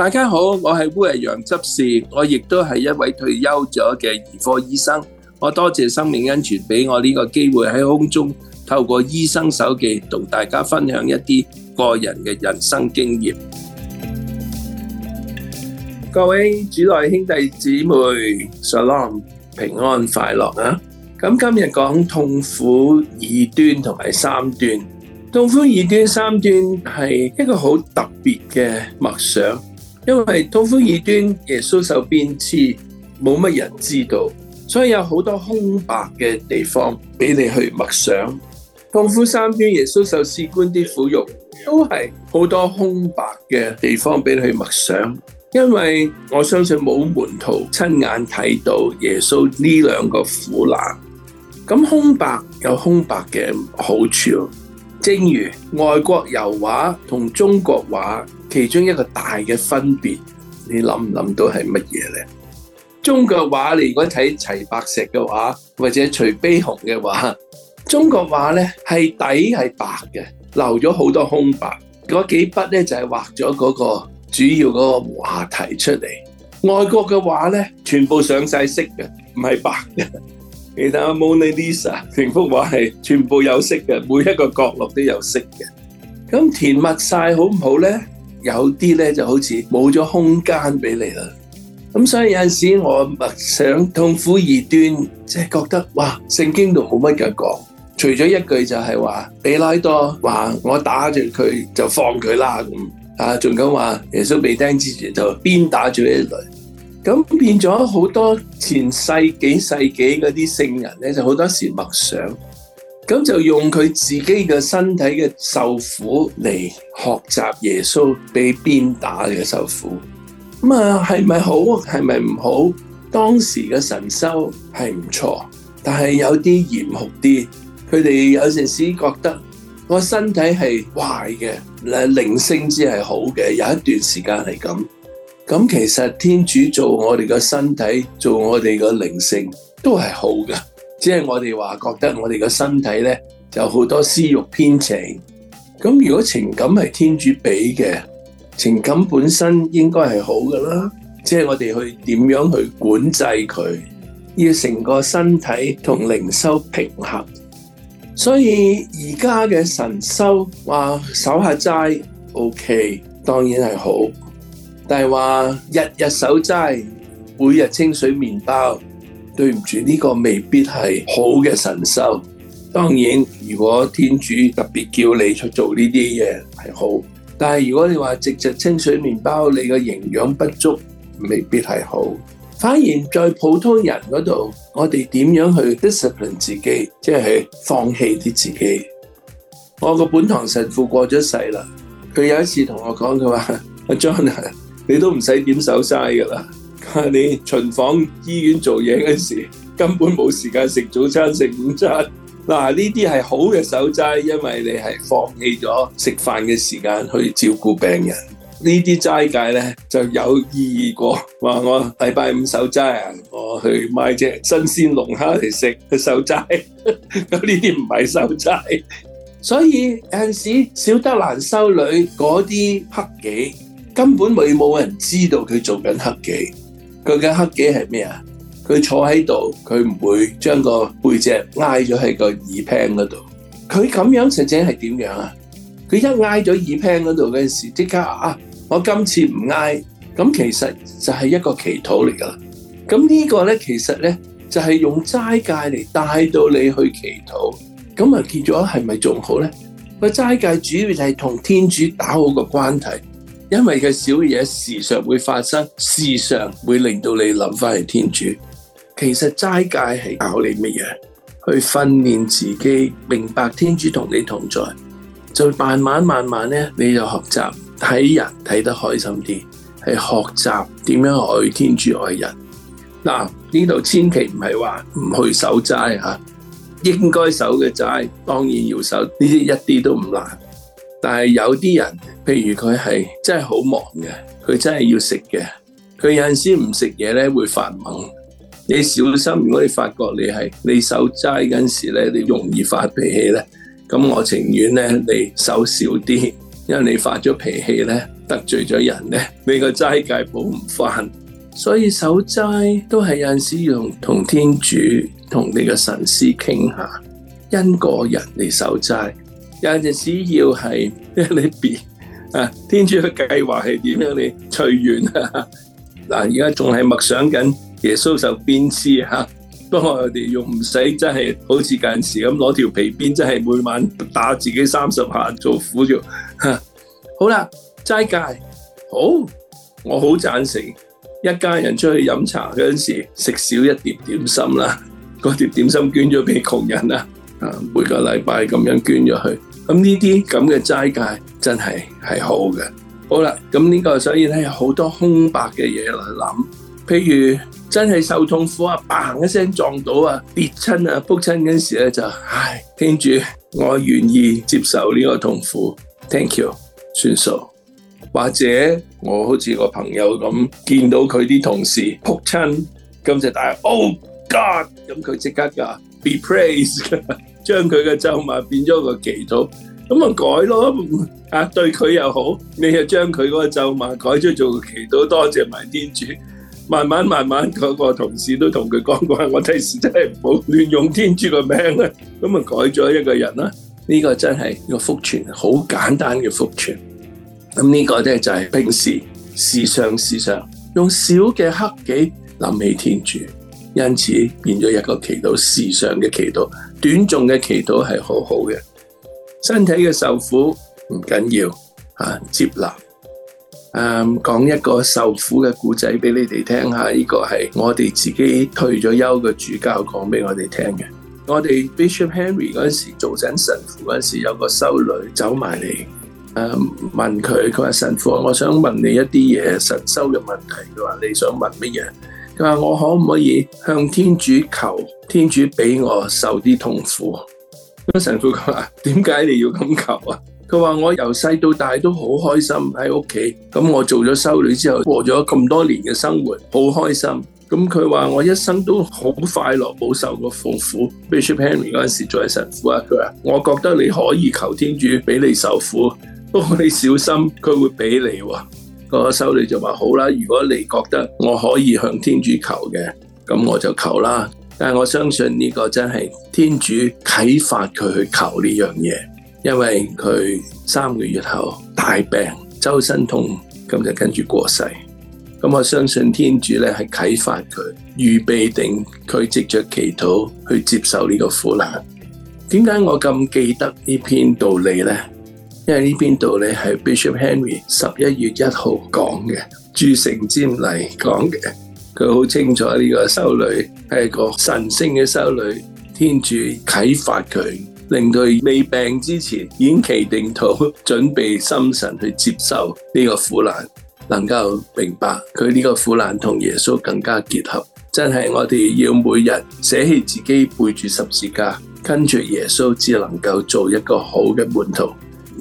大家好，我係烏羊執事，我亦都係一位退休咗嘅兒科醫生。我多謝生命恩泉俾我呢個機會喺空中透過醫生手記同大家分享一啲個人嘅人生經驗。各位主內兄弟姊妹，Shalom 平安快樂啊！咁今日講痛苦二端同埋三端，痛苦二端三端係一個好特別嘅默想。因為痛苦二端，耶穌受鞭笞，冇乜人知道，所以有好多空白嘅地方俾你去默想。痛苦三端，耶穌受茨冠啲苦辱，都係好多空白嘅地方俾你去默想。因為我相信冇門徒親眼睇到耶穌呢兩個苦難，咁空白有空白嘅好處。正如外國油畫同中國畫其中一個大嘅分別，你諗唔諗到係乜嘢呢？中國畫你如果睇齊白石嘅畫或者徐悲鴻嘅畫，中國畫呢係底係白嘅，留咗好多空白，嗰幾筆呢，就係畫咗嗰個主要嗰個話題出嚟。外國嘅畫呢，全部上晒色嘅，唔係白嘅。其他阿 Mona Lisa，成幅畫係全部有色嘅，每一個角落都有色嘅。咁填密晒，好唔好咧？有啲咧就好似冇咗空間俾你啦。咁所以有陣時我默想痛苦而端，即係覺得哇，聖經度冇乜嘅講，除咗一句就係話比拉多話我打住佢就放佢啦咁啊，仲講話耶穌未釘住就鞭打住佢。咁變咗好多前世幾世紀嗰啲聖人咧，就好多時默想，咁就用佢自己嘅身體嘅受苦嚟學習耶穌畀鞭打嘅受苦。咁啊，係咪好？係咪唔好？當時嘅神修係唔錯，但係有啲嚴酷啲。佢哋有陣時覺得個身體係壞嘅，誒靈性之係好嘅，有一段時間係咁。咁其實天主做我哋個身體，做我哋個靈性都係好嘅，只係我哋話覺得我哋個身體咧就好多私欲偏情。咁如果情感係天主俾嘅，情感本身應該係好噶啦，即係我哋去點樣去管制佢，要成個身體同靈修平衡。所以而家嘅神修話守下齋，O K，當然係好。但係話日日守齋，每日清水麵包，對唔住呢個未必係好嘅神修。當然，如果天主特別叫你去做呢啲嘢係好，但係如果你話直接清水麵包，你個營養不足，未必係好。反而在普通人嗰度，我哋點樣去 discipline 自己，即係放棄啲自己。我個本堂神父過咗世啦，佢有一次同我講，佢話阿 John。 你都唔使點守齋嘅啦，你巡房醫院做嘢嗰時根本冇時間食早餐、食午餐。嗱，呢啲係好嘅守齋，因為你係放棄咗食飯嘅時間去照顧病人。呢啲齋戒呢就有意義過話我禮拜五守齋啊，我去買隻新鮮龍蝦嚟食去守齋。咁呢啲唔係守齋，所以有陣時小德蘭修女嗰啲黑記。根本未冇人知道佢做緊克己，佢嘅克己係咩啊？佢坐喺度，佢唔會將個背脊挨咗喺個耳 pan 嗰度。佢咁樣實際係點樣啊？佢一挨咗耳 pan 嗰度嗰陣時候，即刻說啊！我今次唔挨，咁其實就係一個祈禱嚟噶啦。咁呢個咧，其實咧就係、是、用齋戒嚟帶到你去祈禱。咁啊，變咗係咪仲好咧？個齋戒主要就係同天主打好個關係。因為嘅小嘢時常會發生，時常會令到你諗翻嚟天主。其實齋戒係教你乜嘢？去訓練自己明白天主同你同在，就慢慢慢慢咧，你就學習睇人睇得開心啲，係學習點樣愛天主愛人。嗱，呢度千祈唔係話唔去守齋啊，應該守嘅齋當然要守，呢啲一啲都唔難。但係有啲人。譬如佢係真係好忙嘅，佢真係要食嘅。佢有陣時唔食嘢咧，會發懵，你小心。如果你發覺你係你守齋嗰陣時咧，你容易發脾氣咧，咁我情願咧你守少啲，因為你發咗脾氣咧，得罪咗人咧，你個齋戒補唔翻。所以守齋都係有陣時要同天主、同你個神師傾下，因個人嚟守齋。有陣時要係你別。啊！天主嘅計劃係點樣？嚟？隨緣啊！嗱，而家仲係默想緊耶穌受鞭笞，不過我哋用唔使真係好似嗰陣時咁攞條皮鞭，真係每晚打自己三十下做苦肉，啊。好啦，齋戒好，我好贊成一家人出去飲茶嗰陣時食少一碟點心啦。嗰碟點心捐咗俾窮人啦。啊，每個禮拜咁樣捐咗去。咁呢啲咁嘅齋戒真係係好嘅。好啦，咁呢個所以咧，有好多空白嘅嘢嚟諗，譬如真係受痛苦啊，嘭一聲撞到啊，跌親啊，仆親嗰時咧就，唉，天主，我願意接受呢個痛苦，thank you，算數，或者我好似個朋友咁見到佢啲同事仆親，咁就大，oh god，咁佢即刻啊，be praised。將佢嘅咒罵變咗個祈禱，咁咪改咯，啊對佢又好，你又將佢嗰個咒罵改咗做祈禱，多謝埋天主，慢慢慢慢嗰個同事都同佢講過，我第時真係唔好亂用天主個名啦，咁啊改咗一個人啦，呢個真係個福傳，好簡單嘅福傳，咁呢個咧就係平時時常時常用小嘅黑記諗起天主。因此變咗一個祈禱，時常嘅祈禱，短重嘅祈禱係好好嘅。身體嘅受苦唔緊要，啊接納。嗯，講一個受苦嘅故仔俾你哋聽下，呢、啊這個係我哋自己退咗休嘅主教講俾我哋聽嘅。我哋 Bishop Henry 嗰時做緊神父嗰時，有個修女走埋嚟，誒、啊、問佢：佢話神父，我想問你一啲嘢神修嘅問題，佢話你想問乜嘢？佢話我可唔可以向天主求，天主俾我受啲痛苦？咁神父話：點解你要咁求啊？佢話我由細到大都好開心喺屋企，咁我做咗修女之後過咗咁多年嘅生活，好開心。咁佢話我一生都好快樂，冇受過痛苦。Bishop Henry 嗰陣時仲係神父啊，佢話我覺得你可以求天主俾你受苦，不過你小心，佢會俾你。嗰個修女就說好啦，如果你覺得我可以向天主求嘅，咁我就求啦。但我相信呢個真係天主啟發佢去求呢樣嘢，因為佢三個月後大病，周身痛，咁就跟住過世。咁我相信天主係啟發佢預備定佢藉着祈禱去接受呢個苦難。點解我咁記得呢篇道理呢？因為呢邊度，呢係 Bishop Henry 十一月一號講嘅，主城尖嚟講嘅，佢好清楚呢個修女係一個神聖嘅修女，天主啟發佢，令佢未病之前，遠期定土，準備心神去接受呢個苦難，能夠明白佢呢個苦難同耶穌更加結合。真係我哋要每日捨棄自己背住十字架，跟住耶穌，只能夠做一個好嘅門徒。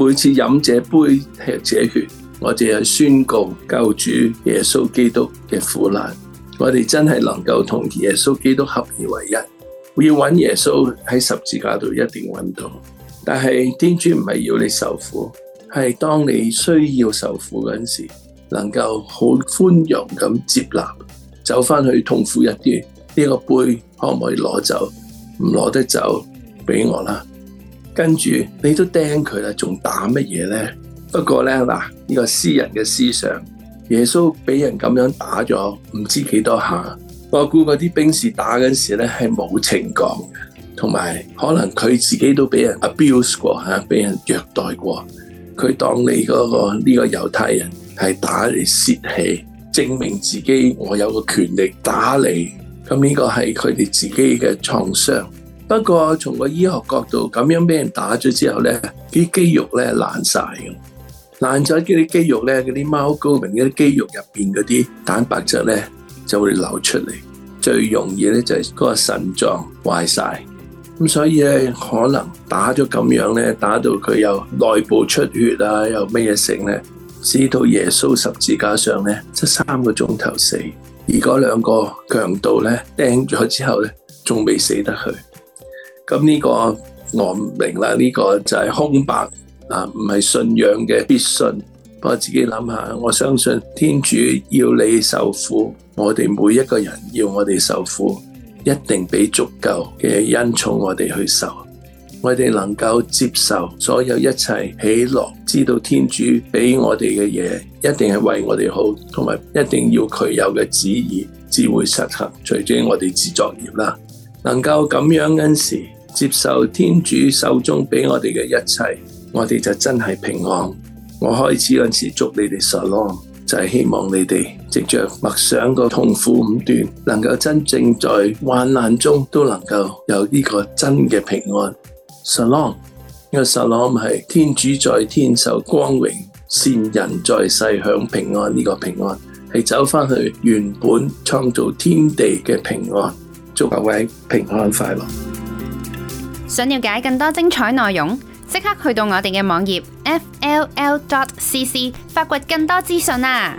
每次飲這杯吃這血，我淨係宣告救主耶穌基督嘅苦難。我哋真係能夠同耶穌基督合二為一，要搵耶穌喺十字架度一定揾到。但係天主唔係要你受苦，係當你需要受苦嗰陣時，候能夠好寬容噉接納，走返去痛苦一啲呢，這個杯可唔可以攞走？唔攞得走，俾我啦。跟住你都釘佢啦，仲打乜嘢呢？不過呢，嗱，呢個私人嘅思想，耶穌俾人咁樣打咗唔知幾多下，我估嗰啲兵士打嗰時呢係冇情講嘅，同埋可能佢自己都俾人 abuse 過，俾人虐待過，佢當你嗰個呢個猶太人係打你泄氣，證明自己我有個權力打你，咁呢個係佢哋自己嘅創傷。不過從個醫學角度，噉樣畀人打咗之後呢，啲肌肉咧爛曬嘅。爛咗啲肌肉呢，嗰啲貓高明嗰啲肌肉入面嗰啲蛋白質呢就會流出嚟，最容易就係嗰個腎臟壞曬，噉所以可能打咗噉樣呢，打到佢又內部出血啊，又咩嘢成咧？直到耶穌十字架上咧，出三個鐘頭死，而嗰兩個強盜呢釘咗之後呢，仲未死得去咁、這、呢個我唔明啦，呢、這個就係空白啊，唔係信仰嘅必信。我自己諗下，我相信天主要你受苦，我哋每一個人要我哋受苦，一定畀足夠嘅恩寵我哋去受，我哋能夠接受所有一切喜樂，知道天主畀我哋嘅嘢一定係為我哋好，同埋一定要佢有嘅旨意，至會實行隨住我哋自作孽啦。能夠咁樣嗰時。接受天主手中畀我哋嘅一切，我哋就真係平安。我開始嗰陣時祝你哋 Shalom 就係希望你哋藉着默想個痛苦五端，能夠真正在患難中都能夠有呢個真嘅平安。Shalom 呢個 Shalom 係天主在天受光榮，善人在世享平安。呢個平安係走返去原本創造天地嘅平安。祝各位平安快樂。想了解更多精彩內容，即刻去到我哋嘅網頁 F L L dot C C，發掘更多資訊啊！